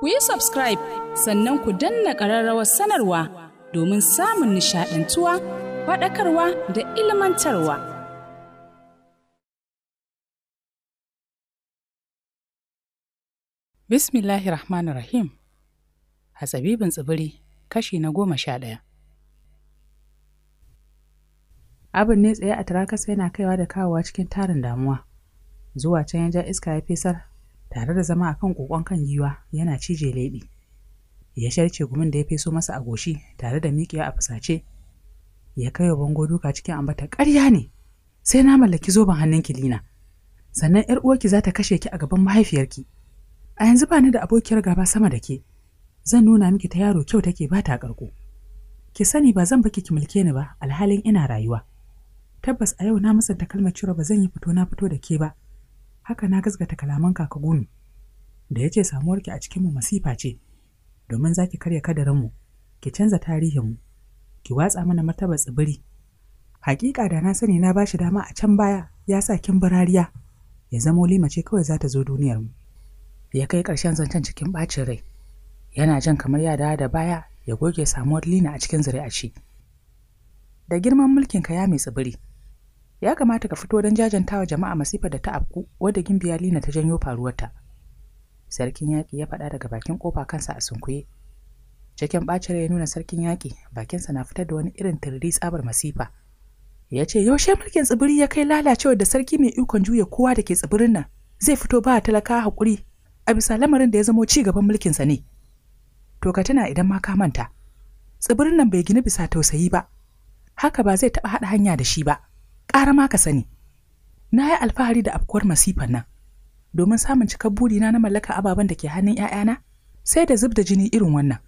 ku yi subscribe sannan ku danna ƙararrawar sanarwa domin samun nishaɗantuwa faɗakarwa da ilmantarwa. Bismillahirrahmanirrahim a Rahim tsibiri kashi na goma sha ɗaya. Abin ne tsaye a tarakasa yana kaiwa da kawowa cikin tarin damuwa. Zuwa can ya ja iska ya fesar tare da zama akan kokon kan giwa yana cije leɓe ya sharce gumin da ya feso masa a goshi tare da mikiya a fusace ya kai wa bango duka cikin ambata ƙarya ne sai na mallaki zoben hannun kilina sannan yar uwarki za ta kashe ki a gaban mahaifiyarki a yanzu ba ni da abokiyar gaba sama da ke zan nuna miki ta yaro kyau take ba ta karko ki sani ba zan baki ki mulke ni ba alhalin ina rayuwa tabbas a yau na musanta kalmar cewa ba zan yi fito na fito da ke ba haka na gasgata kalaman kaka gunu da ya ce ki a cikinmu masifa ce domin za ki karya kadarinmu ki canza tarihinmu ki watsa mana martaba tsibiri hakika da na sani na bashi dama a can baya ya sa kin birariya ya zamo lima ce kawai za ta zo duniyarmu ya kai ƙarshen zancen cikin ɓacin rai yana jan kamar ya da baya ya goge samuwar lina a cikin zuri'a ce da girman mulkin ka ya mai tsibiri ya kamata ka fito don jajantawa jama'a masifar da ta afku wadda gimbiya lina ta janyo faruwarta sarkin yaƙi ya faɗa daga bakin ƙofa kansa a sunkuye cikin ɓacin ya nuna sarkin yaƙi bakinsa na fitar da wani irin turri tsabar masifa ya ce yaushe mulkin tsibiri ya kai lalacewa da sarki mai ikon juya kowa da ke tsibirin nan zai fito ba talaka hakuri? a bisa lamarin da ya zamo ci gaban mulkinsa ne to ka tuna idan ma ka manta tsibirin nan bai gina bisa tausayi ba haka ba zai taɓa haɗa hanya da shi ba ƙara ma ka sani na yi alfahari da afkuwar masifan nan domin samun cikar burina na mallaka ababen da ke hannun 'ya'yana sai da zub da jini irin wannan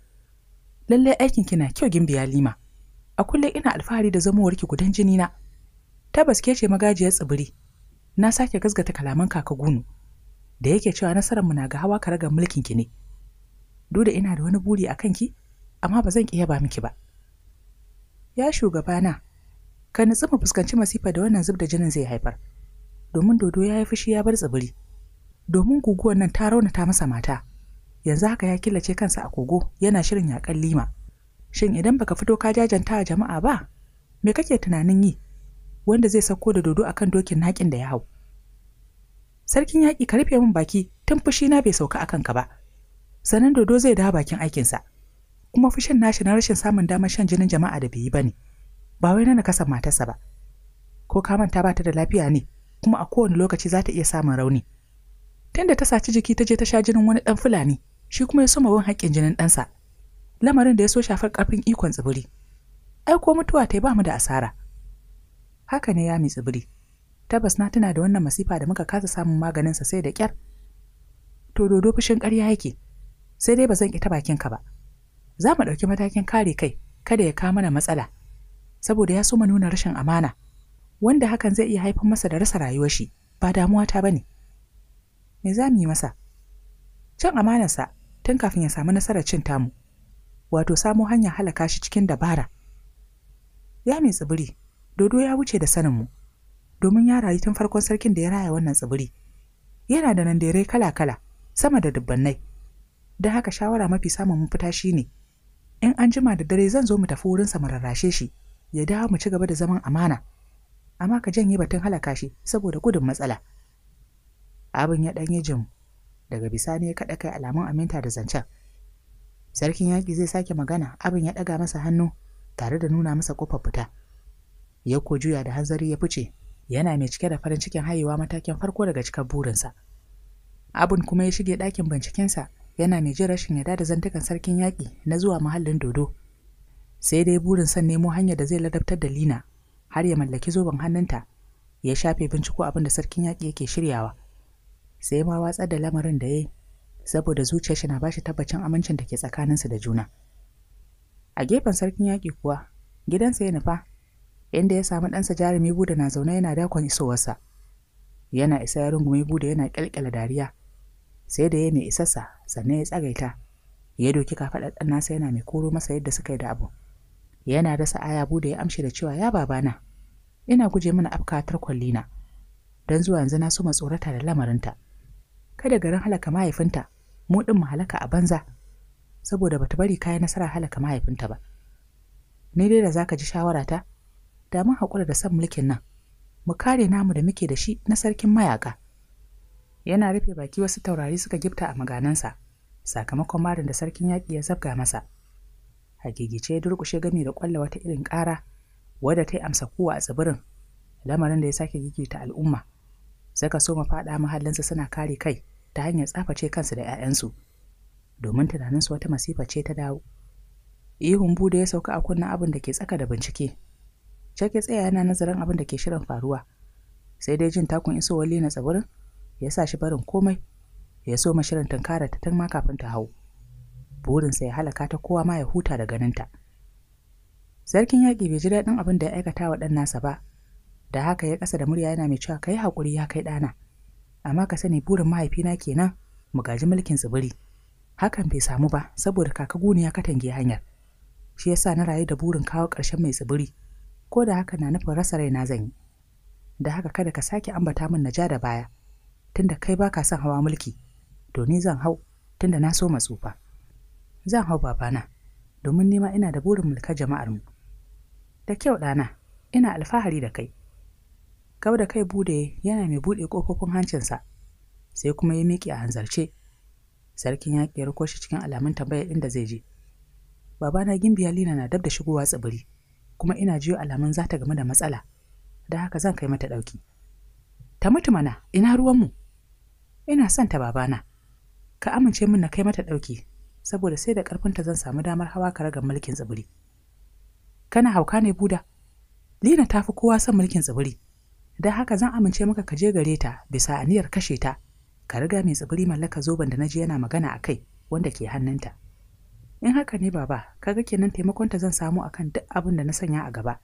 lallai aikin ki na kyau gimbiya lima a kullum ina alfahari da zamowarki gudan jini na tabbas ke ce magajiyar tsibiri na sake gasgata kalaman kaka gunu da yake cewa nasarar mu na ga hawa karagar mulkin ki ne duk ina da wani buri a kanki amma ba zan iya ba miki ba ya shugabana ka na mu fuskanci masifa da wannan zub da jinin zai haifar domin dodo ya yi fushi ya bar tsibiri domin guguwar nan ta rauna ta masa mata yanzu haka ya killace kansa a kogo yana shirin yakan lima shin idan baka fito ka jajanta a jama'a ba me kake tunanin yi wanda zai sauko da dodo akan dokin naƙin da ya hau sarkin yaƙi ka rufe min baki tun fushi na bai sauka akan ka ba sannan dodo zai dawo bakin aikinsa kuma fushin nashi na rashin samun damar shan jinin jama'a da bai yi ba ne. ba wai na nakasa matarsa ba ko ka manta ba ta da lafiya ne kuma a kowane lokaci za ta iya samun rauni tunda ta saci jiki ta je ta sha jinin wani dan fulani shi kuma ya soma bin haƙƙin jinin ɗansa lamarin da ya so shafar ƙarfin ikon tsibiri ai ko mutuwa ta yi ba mu da asara haka ne ya mi tsibiri tabbas na tana da wannan masifa da muka kasa samun maganin sa sai da kyar. to dodo fushin ƙarya yake sai dai ba zan ƙi ta bakinka ba za mu ɗauki matakin kare kai kada ya kawo mana matsala saboda ya so nuna rashin amana wanda hakan zai iya haifar masa da rasa rayuwar shi ba damuwa ta bane me za mu yi masa cin amanarsa tun kafin ya samu nasarar cin tamu wato samo hanya halaka shi cikin dabara ya mai tsibiri dodo ya wuce da sanin mu. domin ya rayu tun farkon sarkin da ya raya wannan tsibiri yana da dare kala-kala sama da dubbannai Da haka shawara mafi samun mafita shine in an jima da dare zan zo mu tafi wurinsa mu rarrashe shi ya dawo mu ci gaba da zaman amana amma ka janye batun halaka shi saboda gudun matsala abin ya ɗanye jim daga bisani ya kaɗa kai alamun aminta da zancen sarkin yaƙi zai sake magana abin ya ɗaga masa hannu tare da nuna masa kofar fita ya ko juya da hanzari ya fice yana mai cike da farin cikin haihuwa matakin farko daga cikar burinsa abin kuma ya shige ɗakin bincikensa yana mai jin rashin yada da zantukan sarkin yaƙi na zuwa muhallin dodo sai dai burin son nemo hanyar da zai ladabtar da lina har ya mallaki zoben hannunta ya shafe binciko abin da sarkin yaƙi yake shiryawa sai ma watsar da lamarin da ya saboda zuciyar shi na bashi tabbacin amincin da ke tsakaninsu da juna a gefen sarkin yaƙi kuwa gidansa ya nufa inda ya samu ɗansa jarumi buda na zaune yana dakon isowarsa yana isa ya rungume buda yana ƙyalƙyala dariya sai da ya mai isarsa sannan ya tsagaita ya doki kafaɗaɗɗen ɗan nasa yana mai koro masa yadda suka yi da abu yana rasa aya bude ya amshi da cewa ya babana ina guje mana afkatar kwallina don zuwa yanzu na so tsorata da lamarinta kada garin halaka mahaifinta mu din mu halaka a banza saboda bata bari kayan nasara halaka mahaifinta ba ni dai da zaka ji shawarata da mun haƙura da san mulkin nan mu kare namu da muke da shi na sarkin mayaka yana rufe baki wasu taurari suka gifta a maganansa sakamakon marin da sarkin yaƙi ya zabga masa a gigice ya durƙushe gami da kwalla wata irin ƙara wadda ta yi amsa kowa a tsibirin lamarin da ya sake gigita al'umma Saka so ma faɗa mahallinsu suna kare kai ta hanyar tsaface kansu da 'ya'yansu domin tunaninsu wata masifa ce ta dawo ihun bude ya sauka a kunnen abin da ke tsaka da bincike Jack tsaya yana nazarin abin da ke shirin faruwa sai dai jin takun isowar Lina tsibirin ya sa shi barin komai ya so ma shirin tunkara ta tun ma kafin ta hau burinsa ya halaka ta kowa ma ya huta da ganinta sarkin yaƙi bai ji daɗin abin da ya aikata wa ɗan nasa ba da haka ya ƙasa da murya yana mai cewa kai haƙuri ya kai ɗana amma ka sani burin mahaifina kenan mu gaji mulkin tsibiri hakan bai samu ba saboda kaka kakaguni ya katange hanyar shi yasa na rayu da burin kawo ƙarshen mai tsibiri ko da haka na nufin rasa raina zan yi da haka kada ka sake ambata min na ja da baya tunda kai baka son hawa mulki to zan hau tunda na so matsufa zan hau babana domin nema ina da burin mulka jama'armu da kyau ɗana ina alfahari da kai gab da kai bude yana mai buɗe ƙofofin hancinsa sai kuma ya miƙe a hanzarce sarkin ya ƙera shi cikin alamun tambayar inda zai je babana gimbiya lina na dab da shigowa tsibiri kuma ina jiyo alamun za ta game da matsala da haka zan kai mata ɗauki ta mutu mana ina ruwanmu ina son ta babana ka amince min na kai mata ɗauki saboda sai da ƙarfinta zan samu damar hawa karagar mulkin tsibiri kana hauka ne buda lina ta fi kowa son mulkin tsibiri don haka zan amince maka ka je gare ta bisa aniyar kashe ta ka riga mai tsibiri mallaka zoben da na ji yana magana a kai wanda ke hannunta in haka ne baba ka ga kenan taimakon ta zan samu akan duk abin da na sanya a gaba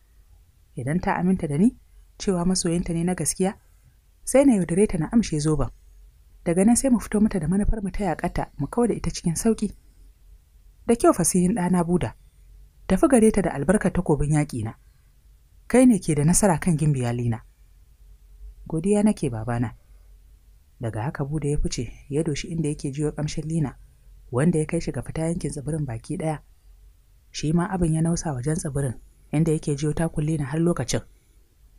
idan ta aminta da ni cewa masoyinta ne na gaskiya sai na yaudare ta na amshe zoben daga nan sai mu fito mata da manufar mu ta yakata mu kawo da ita cikin sauki da kyau fasihin ɗana buda tafi gare ta da albarkar takobin yaƙina kai ne ke da nasara kan gimbiya lina godiya nake babana daga haka buda ya fice ya doshi inda yake jiyo ƙamshin lina wanda ya kai shi ga fita yankin tsibirin baki ɗaya shi ma abin ya nausa wajen tsibirin inda yake jiyo takun lina har lokacin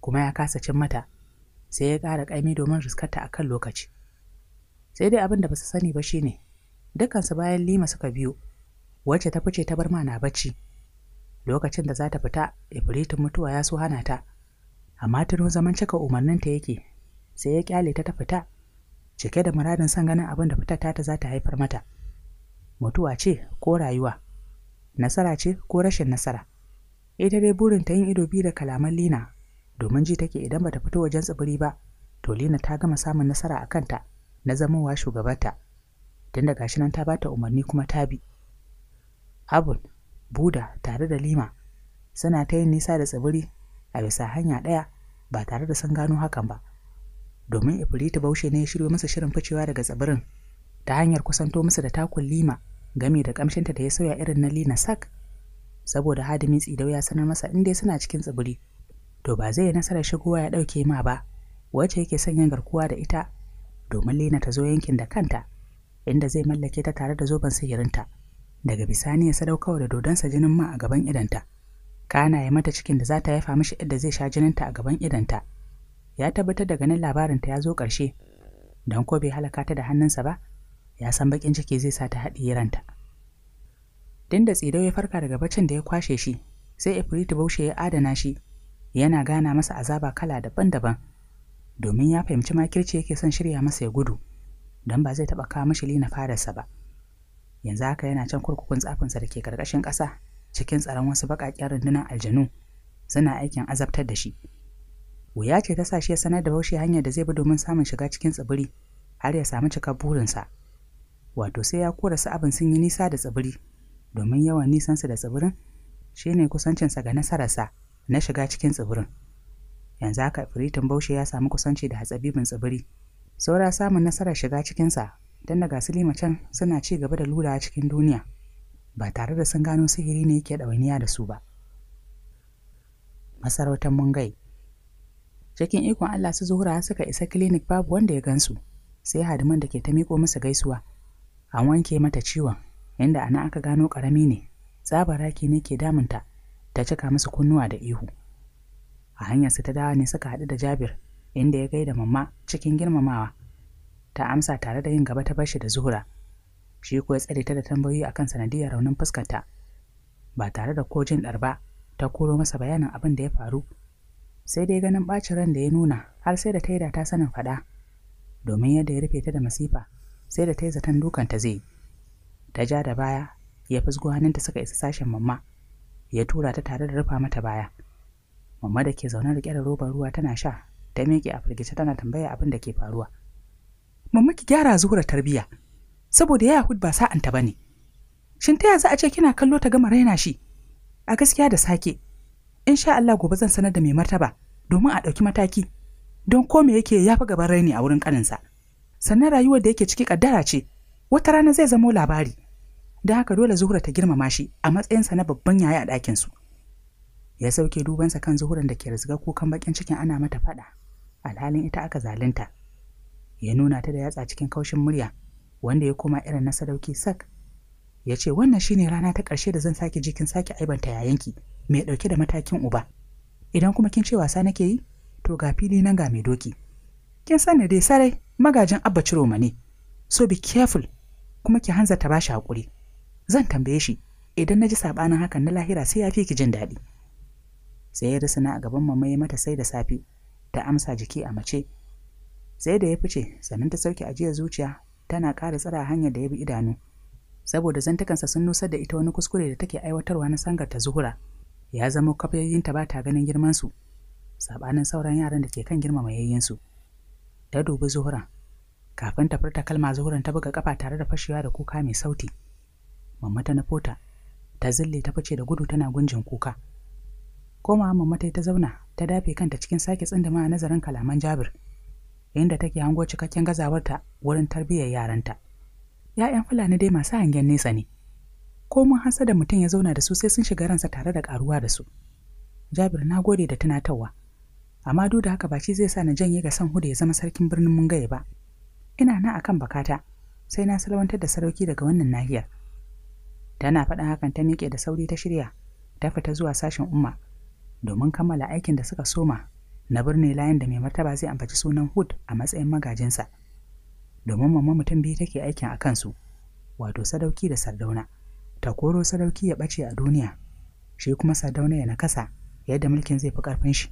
kuma ya kasa cin mata sai ya ƙara ƙaimi domin riskarta kan lokaci sai dai abin da ba su sani ba shine Dukkansu bayan lima suka biyo wacce ta fice ta bar mana bacci lokacin da za ta fita ibritin mutuwa ya so hana ta amma tuno zaman cika umarninta yake sai ya kyale ta ta fita cike da muradin son ganin abin da fitar ta za ta haifar mata mutuwa ce ko rayuwa nasara ce ko rashin nasara ita dai burin ta yin ido biyu da kalaman lina domin ji take idan ba ta fito wajen tsibiri ba to lina ta gama samun nasara a kanta na zamowa shugabanta tun da gashi nan ta bata umarni kuma ta bi abul buda tare da lima suna ta yin nisa da tsibiri a bisa hanya ɗaya ba tare da sun gano hakan ba domin ifrita baushe ne ya shirya masa shirin ficewa daga tsibirin ta hanyar kusanto masa da takun lima game da kamshinta da ya sauya irin na lina sak saboda hadimi tsidau ya sanar masa in suna cikin tsibiri to ba zai yi nasarar shigowa ya ɗauke ma ba wacce yake son garkuwa da ita domin lina ta zo yankin da kanta inda zai mallake ta tare da zoben sihirinta daga bisani ya sadaukawa da dodonsa jinin ma a gaban idanta kana ya mata cikin da za ta yafa mishi yadda zai sha jininta a gaban idanta ya tabbatar da ganin labarinta ya zo ƙarshe don ko bai halaka ta da hannunsa ba ya san baƙin ciki zai sa ta haɗiye ranta din da tsidau ya farka daga baccin da ya kwashe shi sai ifrit baushe ya adana shi yana gana masa azaba kala daban-daban domin ya fahimci makirci yake son shirya masa ya gudu don ba zai taɓa kawo mashi lina fararsa ba. yanzu haka yana can kurkukun tsafinsa da ke karkashin ƙasa cikin tsaron wasu baƙaƙen rundunar aljanu suna aikin azabtar da shi wuya ce ta sa shi ya sanar da baushe hanyar da zai bi domin samun shiga cikin tsibiri har ya samu cikar burinsa wato sai ya kora su abin sun yi nisa da tsibiri domin yawan nisansu da tsibirin shi ne kusancinsa ga nasararsa na shiga cikin tsibirin yanzu haka firitin baushe ya samu kusanci da hatsabibin tsibiri saura samun nasarar shiga cikinsa don daga silima can suna ci gaba da lura cikin duniya ba tare da sun gano sihiri ne yake ɗawainiya da su ba masarautar mungai cikin ikon allah su zuhura suka isa clinic babu wanda ya gansu sai hadiman da ke ta miko masa gaisuwa an wanke mata ciwon inda ana aka gano ƙarami ne raki ne ke damunta ta cika masu kunnuwa da ihu a hanyar su ta dawa ne suka haɗu da jabir inda ya gaida mamma cikin girmamawa ta amsa tare da yin gaba ta bashi da zuhura shi ko ya tsare ta da tambayoyi akan sanadiyar raunin fuskarta ba tare da ko jin ɗarba ta koro masa bayanin abin da ya faru sai dai ganin ɓacin ran da ya nuna har sai da ta yi da ta sanin faɗa domin yadda ya rufe ta da masifa sai da ta yi zaton dukan ta zai ta ja da baya ya fusgo hannunta suka isa sashen mamma ya tura ta tare da rufa mata baya mamma da ke zaune da da robar ruwa tana sha ta miƙe a firgice tana tambaya abin da ke faruwa mamma ki gyara zuhura tarbiya saboda ya Yahud ba sa'anta ba ne. Shin ta za a ce kina kallo ta gama raina shi? A gaskiya da sake, in sha Allah gobe zan sanar da mai martaba domin a ɗauki mataki don ko me yake yafi gaban raini a wurin kaninsa. Sannan rayuwar da yake ciki ƙaddara ce, wata rana zai zamo labari. Don haka dole Zuhura ta girmama shi a matsayinsa na babban yaya a su Ya sauke dubansa kan Zuhuran da ke rizga kukan bakin cikin ana mata faɗa, alhalin ita aka zalunta. ya nuna ta da yatsa cikin kaushin murya wanda ya koma irin na sadauki sak ya ce wannan shine rana ta ƙarshe da zan sake jikin sake aibanta yayanki mai ɗauke da matakin uba idan kuma kin ce wasa nake yi to ga fili nan ga mai doki kin sani dai sarai magajin abba ciroma ne so be careful kuma ki hanzarta ba shi haƙuri zan tambaye shi idan na ji saɓanin hakan na lahira sai ya fi ki jin daɗi sai ya risina a gaban mamaye mata sai da safe ta amsa jiki a mace sai da ya fice sannan ta sauke ajiyar zuciya tana ƙara tsara hanyar da ya bi idanu saboda zantakansa sun nusar da ita wani kuskure da take aiwatarwa na sangar ta zuhura ya zama ta ba ta ganin girmansu saɓanin sauran yaran da ke kan girmama yayyensu ta dubi zuhura kafin ta furta kalma zuhuran ta buga kafa tare da fashewa da kuka mai sauti mamma ta nufo ta zille ta fice da gudu tana gunjin kuka komawa mamma ta ta zauna ta dafe kanta cikin sake tsindama nazarin kalaman jabir inda take hango cikakken gazawarta wurin tarbiyyar yaranta. ‘Ya'yan Fulani dai masu hangen nesa ne, ko mun hansa da mutum ya zauna da su sai sun shiga ransa tare da ƙaruwa da su. Jabir na gode da tunatarwa, amma duk da haka ba shi zai sa na janye ga san huda ya zama sarkin birnin mun ba. Ina nan akan bakata, sai na salwantar da sarauki daga wannan nahiyar. Tana faɗin hakan ta miƙe da sauri ta shirya, ta fita zuwa sashen umma domin kammala aikin da suka soma na birnin layin da mai martaba zai ambaci sunan Hood a matsayin magajinsa. Domin mamman mutum biyu take aikin a kansu, wato sadauki da sardauna. Ta koro sadauki ya ɓace a duniya, shi kuma sardauna ya nakasa yadda mulkin zai fi ƙarfin shi.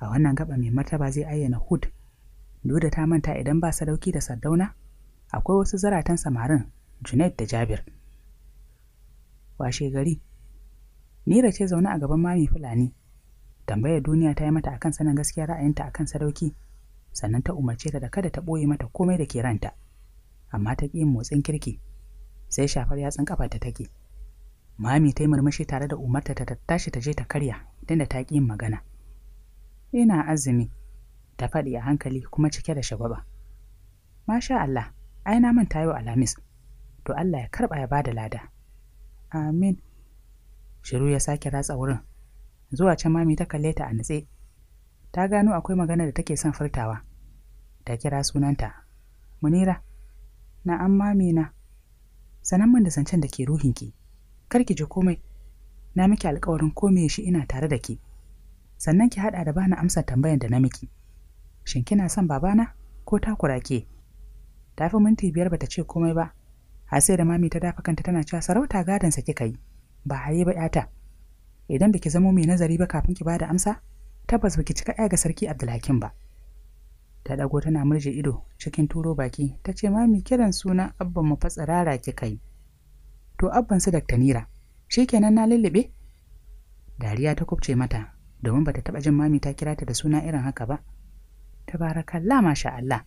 A wannan gaba mai martaba zai ayyana Hood. Duda ta manta idan ba sadauki da sardauna, akwai wasu zaratan samarin Junaid da Jabir. Washe gari, Nira ce zaune a gaban mami Fulani, tambayar duniya ta yi mata akan sanin gaskiya ra'ayinta akan sadauki sannan ta umarce ta da kada ta ɓoye mata komai da ke ranta amma ta ƙi motsin kirki sai shafar yatsun ƙafarta take mami ta yi murmushi tare da umarta ta tashi ta je ta karya tunda ta ƙi yin magana ina azumi ta faɗi a hankali kuma cike da shagwaba masha Allah ai na manta yau alhamis to Allah ya karɓa ya bada lada amin shiru ya sake ratsa wurin zuwa can mami ta kalle ta a nutse ta gano akwai magana da take son furtawa ta kira sunanta munira na an mami na sanan mun da zancen da ke ki. kar ki ji komai na miki alkawarin komai shi ina tare da ki sannan ki haɗa da bani amsa tambayan da na miki shin kina son babana ko takura ke ta fi minti biyar bata ce komai ba har sai da mami ta dafa kanta tana cewa sarauta sa kika yi ba haye ba 'yata idan baki zamo mai nazari ba kafin ki ba da amsa tabbas baki cika ya ga sarki abdulhakim ba ta dago tana murje ido cikin turo baki ta ce mami kiran suna abban mafatsarara fatsarara kika yi to abban su dakta nira shikenan na lullube dariya ta kubce mata domin bata taba jin mami ta kira ta da suna irin haka ba tabarakallah masha Allah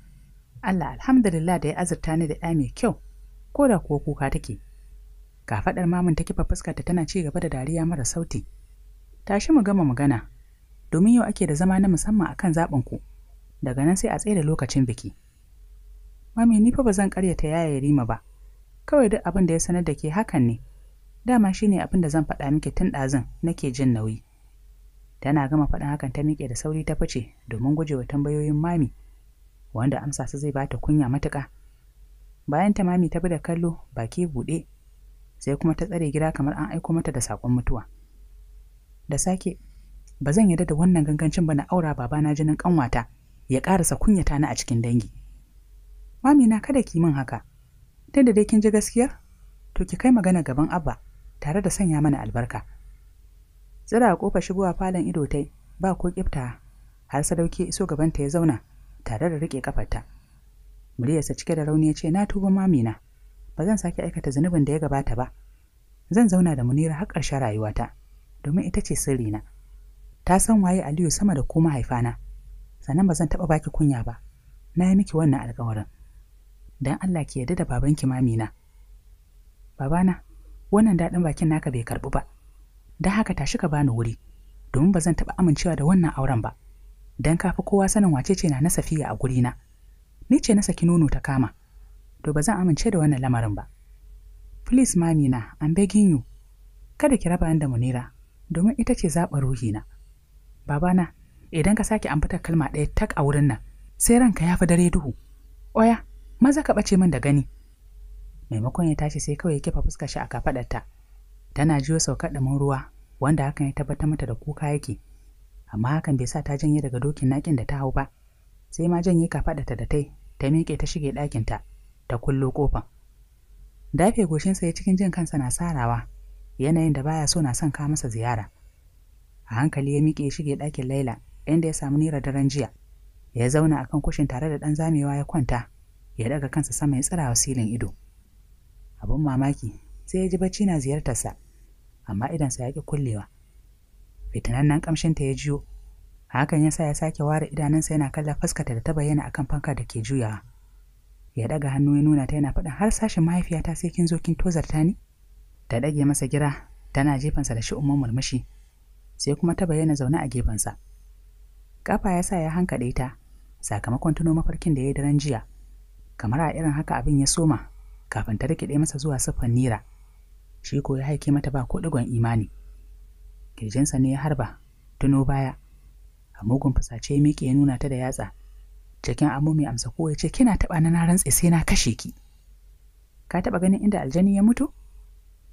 Allah alhamdulillah da ya azurta ni da ɗa mai kyau Koda kuwa kuka take Kafaɗar mamun ta kifa fuskarta tana cigaba da dariya mara sauti. Tashi mu gama magana, domin yau ake da zama na musamman akan zaɓin ku. Daga nan sai a tsaye da lokacin biki. Mami ni fa ba zan ta yaya Rima ba. Kawai duk abin da ya sanar da ke hakan ne. Dama shine abin da zan faɗa miki tun ɗazun nake jin nauyi. Tana gama faɗin hakan ta miƙe da sauri ta fice domin gujewa tambayoyin mami. Wanda amsa su zai bata kunya matuƙa. Bayan ta mami ta bi da kallo baki buɗe sai kuma ta tsare gida kamar an aiko mata da sakon mutuwa da sake ba zan yarda da wannan gangancin ba na aura babana jinin kanwata ya karasa kunyata na a cikin dangi mami kada ki min haka tun da dai kin ji gaskiya? to ki kai magana gaban abba tare da sanya mana albarka tsira a kofar shigowa falon ido tai ba ko kifta har sadauki iso gabanta ya zauna tare da rike kafarta muryarsa cike da rauni ya ce na tuba mamina ba zan sake aikata zunubin da ya gabata ba zan zauna da munira har ƙarshen rayuwata domin ita ce sirrina ta san waye aliyu sama da kuma haifana. sannan ba zan taɓa baki kunya ba na yi miki wannan alƙawarin dan Allah ki yarda da babanki mamina babana wannan daɗin bakin naka bai karɓu ba don haka tashi ka bani wuri domin ba zan taɓa amincewa da wannan auren ba don kafi kowa sanin wace ce na na safiya a gurina ni ce na saki nono ta kama to ba zan amince da wannan lamarin ba. Please mami na, I'm begging you. Kada ki raba da Munira, domin ita ce zaɓa ruhina. Babana, idan ka sake ambata kalma ɗaya tak a wurin nan, sai ranka ya fi dare duhu. Oya, maza ka ɓace min da gani. Maimakon ya tashi sai kawai ya kifa fuskar shi a kafaɗarta. Tana jiyo saukar ɗumin ruwa, wanda hakan ya tabbatar mata da kuka yake. Amma hakan bai sa ta janye daga dokin nakin da ta hau ba, sai ma janye kafaɗarta da tai, ta miƙe ta shige ɗakinta. ta kullo kofan dafe goshinsa ya cikin jin kansa na sarawa yanayin da baya so na son ka masa ziyara a hankali ya miƙe shige ɗakin laila inda ya samu nira daren jiya ya zauna a kan kushin tare da ɗan zamewa ya kwanta ya daga kansa sama ya tsirawa silin ido abin mamaki sai ya ji bacci na ziyartarsa amma idansa ya ƙi kullewa fitinannen ƙamshinta ya jiyo hakan ya sa ya sake ware idanunsa yana kallon fuskata da ta bayyana akan fanka da ke juyawa ya daga hannu ya nuna ta yana faɗin har sashin mahaifiyata sai kin zo kin tozarta ni ta dage masa gira tana jefansa da shi'umman murmushi sai kuma ta bayyana zaune a sa. kafa ya sa ya hankaɗe ta sakamakon tuno mafarkin da ya yi daren jiya kamar a irin haka abin ya soma kafin ta rikide masa zuwa siffan nira shi ko ya haike mata ba ko ɗigon imani kirjinsa ne ya harba tuno baya a mugun fusace ya miƙe ya nuna ta da yatsa cikin amu mai amsa ko ya ce kina taɓa na na rantse sai na kashe ki ka taɓa ganin inda aljani ya mutu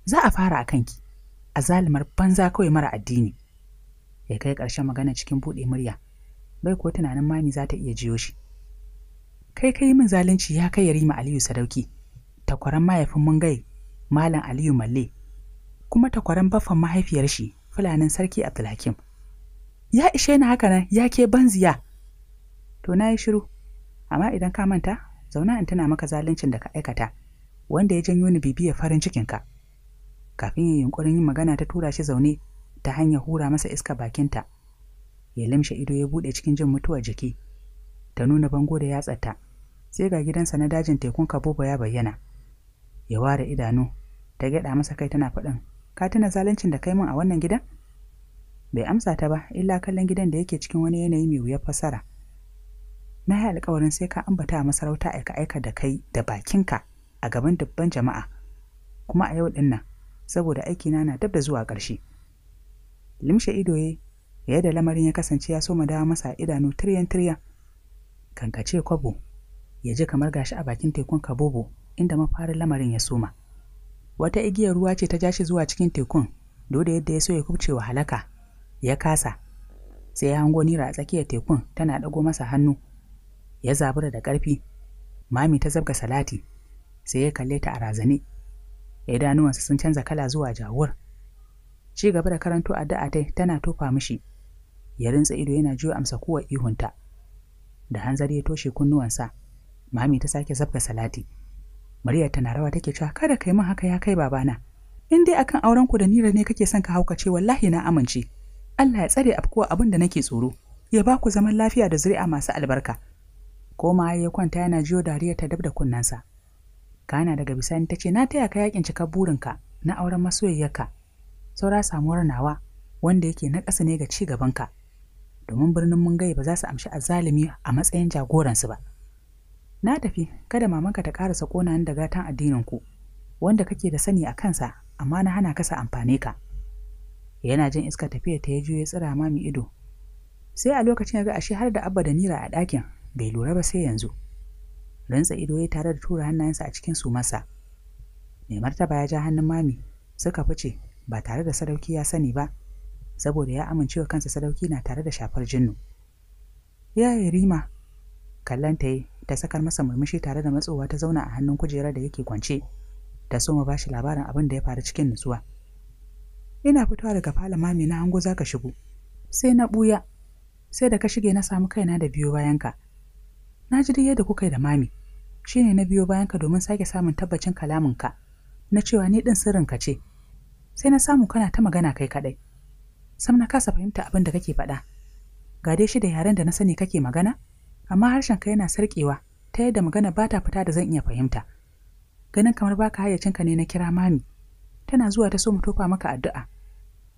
za a fara a kanki a zalimar banza kawai mara addini ya kai ƙarshen magana cikin buɗe murya bai ko tunanin mami za ta iya jiyo shi kai kai min zalunci ya kai yarima aliyu sadauki takwaran mahaifin mungai malam aliyu malle kuma takwaran baffan mahaifiyar shi fulanin sarki abdulhakim ya ishe ni haka nan ya ke banziya to na yi shiru amma idan ka manta zauna in tana maka zaluncin da ka aikata wanda ya janyo ni bibiya farin cikinka kafin ya yunkurin yin magana ta tura shi zaune ta hanyar hura masa iska bakinta ya limshe ido ya bude cikin jin mutuwar jiki ta nuna bango da yatsarta sai ga gidansa na dajin tekun kaboba ya bayyana ya ware idanu ta gyada masa kai tana faɗin ka tuna zaluncin da kai min a wannan gidan bai amsa ta ba illa kallon gidan da yake cikin wani yanayi mai wuyar fasara na yi alkawarin sai ka ambata masarauta aika aika da kai da bakinka a gaban dubban jama'a kuma a yau din saboda aiki na dab da zuwa ƙarshe limshe ido ya yadda lamarin ya kasance ya soma dawa masa idanu tiryan tiryan kankace kwabo ya ji kamar gashi a bakin tekun kabobo inda mafarin lamarin ya soma wata igiyar ruwa ce ta jashi zuwa cikin tekun dole yadda ya so ya kubce wa halaka ya kasa sai ya hango nira a tsakiyar tekun tana ɗago masa hannu ya zabura da ƙarfi mami ta zabga salati sai ya kalle ta a razane idanuwansa sun canza kala zuwa jawur ci gaba da karanto addu'a tai tana tofa mishi ya rinsa ido yana juya amsa kowa ihunta da hanzari ya toshe kunnuwansa mami ta sake zabga salati muryar tana rawa take cewa kada kai min haka ya kai babana in dai akan auren ku da nira ne kake son ka haukace wallahi na amince Allah ya tsare afkuwa abin da nake tsoro ya ba ku zaman lafiya da zuri'a masu albarka koma ya kwanta yana jiyo dariyarta ta dab da kunnensa kana daga bisani ta ce na taya ka yakin cika burinka na auren masoyiyarka saura samuwar nawa wanda yake na ƙasa ne ga ci gabanka domin birnin mungai ba za su amshi azzalumi a matsayin jagoransu ba na tafi kada mamanka ta ƙarasa ƙonayen da gatan addininku wanda kake da sani a kansa amma na hana kasa amfane ka yana jin iska tafiya ta ya juyo ya tsira mami ido sai a lokacin ya ga ashe har da abba da nira a ɗakin bai lura ba sai yanzu rantsa ido ya tare da tura hannayensa a cikin su masa mai martaba ya ja hannun mami suka fice ba tare da sadauki ya sani ba saboda ya amincewa kansa sadauki na tare da shafar jinnu ya yi rima kallon ta yi ta sakar masa murmushi tare da matsowa ta zauna a hannun kujerar da yake kwance ta soma ba shi labarin abin da ya faru cikin nutsuwa ina fitowa daga falon mami na hango za ka shigo sai na buya sai da ka shige na samu kaina da biyo bayanka na ji yadda kuka yi da mami shi ne na biyo bayan ka domin sake samun tabbacin kalaminka na cewa ni ɗin ka ce sai na samu kana ta magana kai kaɗai sam na kasa fahimta abin da kake faɗa ga dai shi da yaren da na sani kake magana amma harshen ka yana sarƙewa ta yadda magana ba ta fita da zan iya fahimta ganin kamar baka hayyacinka ne na kira mami tana zuwa ta so mu tofa maka addu'a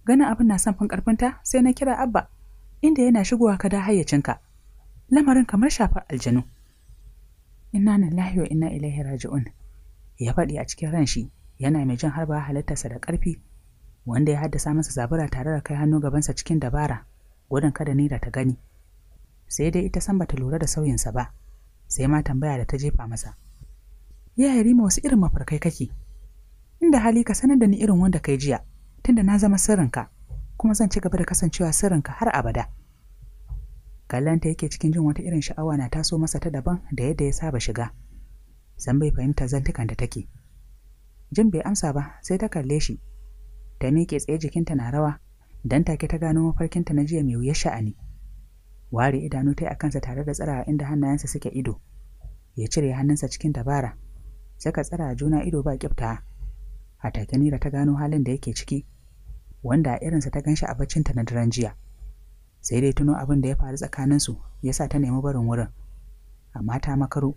ganin abin na son fin ƙarfinta sai na kira abba inda yana shigowa ka da hayyacinka lamarin kamar shafar aljanu inna lillahi wa inna ilaihi raji'un ya faɗi a cikin ran shi yana mai jin harba halittarsa da ƙarfi wanda ya haddasa masa zabura tare da kai hannu gabansa cikin dabara gudun kada ni ta gani sai dai ita san bata lura da sauyinsa ba sai ma tambaya da ta jefa masa ya Yarima wasu irin mafarkai kake inda hali ka sanar da ni irin wanda kai jiya tunda na zama sirrinka kuma zan ci gaba da kasancewa sirrinka har abada kallanta yake cikin jin wata irin sha'awa na taso masa ta daban da yadda ya saba shiga san bai fahimta zantukan da take jin bai amsa ba sai ta kalle shi ta miƙe tsaye jikinta na rawa dan take ta gano mafarkinta na jiya mai wuyar sha'ani ware idanu ta a kansa tare da tsara inda hannayensa suke ido ya cire hannunsa cikin dabara saka tsara juna ido ba kyafta a take nira ta gano halin da yake ciki wanda irinsa ta ganshi a baccinta na daren jiya sai dai tuno abin da ya faru tsakaninsu ya sa ta nemi barin wurin amma ta makaro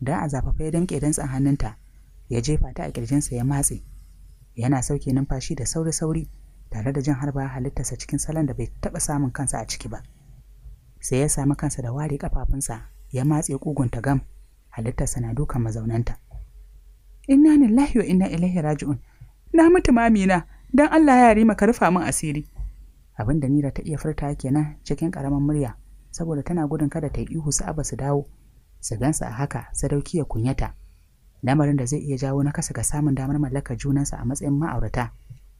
da a zafafa ya damƙe dantsan hannunta ya jefa ta a ƙirjinsa ya matse yana sauke numfashi da sauri-sauri tare da jin harba halittarsa cikin salon da bai taɓa samun kansa a ciki ba sai ya sami kansa da ware kafafunsa ya matse ƙugunta gam halittarsa na dukan mazaunanta inna lillahi wa inna ilaihi raji'un na mutu mamina dan Allah ya rima ka rufa min asiri abin da Mira ta iya furta kenan cikin ƙaramin murya saboda tana gudun kada ta yi ihu ba su dawo su gansa a haka sadauki ya kunyata lamarin da zai iya jawo na kasa ga samun damar mallakar junansa a matsayin ma'aurata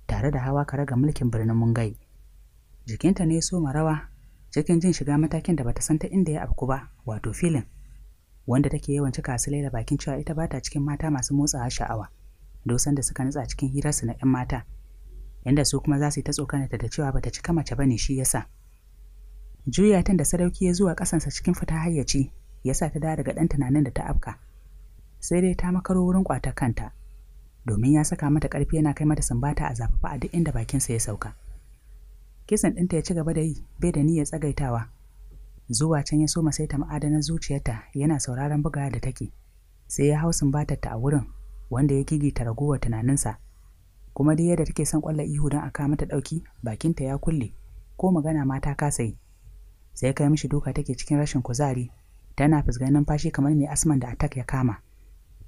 tare da hawa kare ga mulkin birnin mungai jikinta ne so rawa cikin jin shiga matakin da bata san ta inda ya afku ba wato filin wanda take yawan cika su da bakin cewa ita bata cikin mata masu motsawa sha'awa dosan da suka nutsa cikin hirarsu na 'yan mata yanda su kuma za su yi ta tsokanarta da cewa bata cika mace bane shi yasa juya tun da sadauki ya zuwa kasansa cikin fita hayyaci yasa ta dawo daga ɗan tunanin da ta afka sai dai ta makaro wurin kwata kanta domin ya saka mata ƙarfi yana kai mata sumbata a zafafa a duk inda bakinsa ya sauka kisan ɗinta ya ci gaba da yi bai da niyyar tsagaitawa zuwa can ya soma saita ma'adanar zuciyarta yana sauraron bugawa da take sai ya hau sumbatar ta a wurin wanda ya gigita tunanin tunaninsa kuma dai yadda take son kwallon ihu don a kawo mata ɗauki bakinta ya kulle ko magana mata ta kasa yi sai kai mishi duka take cikin rashin kuzari tana fusgan numfashi kamar mai asman da atak ya kama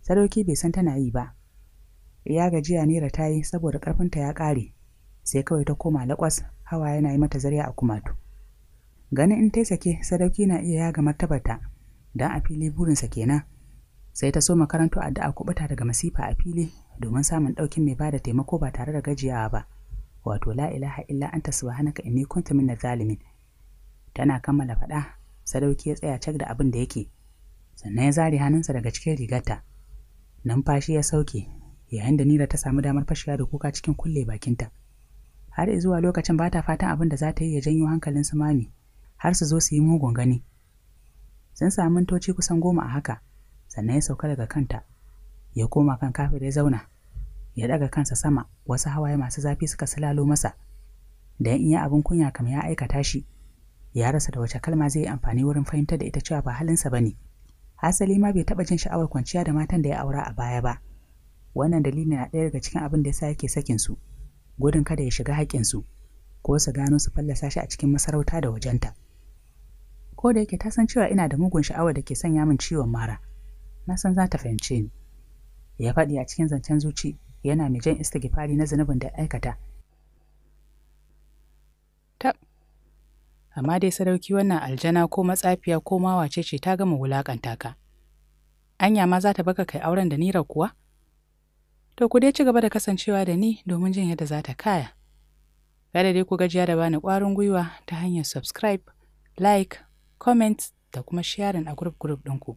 sadauki bai san tana yi ba ya gajiya nera ta yi saboda ƙarfinta ya kare. sai kawai ta koma lakwas hawa yana yi mata zarya a kumatu ganin in ta sake sadauki na iya yaga martabarta Dan a fili burinsa kenan sai ta so makarantu addu'a kubuta daga masifa a fili domin samun ɗaukin mai ba da taimako ba tare da gajiyawa ba wato la ilaha illa anta subhanaka inni kuntu minaz zalimin tana kammala faɗa sadauki ya tsaya cak da abin da yake sannan ya zare hannunsa daga cikin rigarta numfashi ya sauke yayin da nira ta samu damar fashiya da kuka cikin kulle bakinta har zuwa lokacin ba ta fatan abin da za ta yi ya janyo hankalin su mami har su zo su yi mugun gani sun samu toci kusan goma a haka sannan ya sauka daga kanta ya koma kan kafir ya zauna ya daga kansa sama wasu hawaye masu zafi suka sulalo masa dan in ya abin kunya kam ya aikata shi ya rasa da wace kalma zai yi amfani wurin fahimtar da ita cewa ba halinsa ba ne asali ma bai taɓa jin sha'awar kwanciya da matan da ya aura a baya ba wannan dalili na daya daga cikin abin da yasa yake sakin su gudun kada ya shiga haƙƙinsu ko su gano su fallasa shi a cikin masarauta da wajenta ko da yake ta san cewa ina da mugun sha'awa da ke sanya min ciwon mara na san za ta fahimce ni ya faɗi a cikin zancen zuci yana mai jan istighfari na zunubin da aikata tab amma dai sadauki wannan aljana ko matsafiya ko mawace ce ta gama wulakanta ka anya ma za ta baka kai auren da nira kuwa to ku dai ci gaba da kasancewa da ni domin jin yadda za ta kaya kada dai ku gajiya da bani ƙwarin gwiwa ta hanyar subscribe like comment da kuma sharing a group group ɗinku.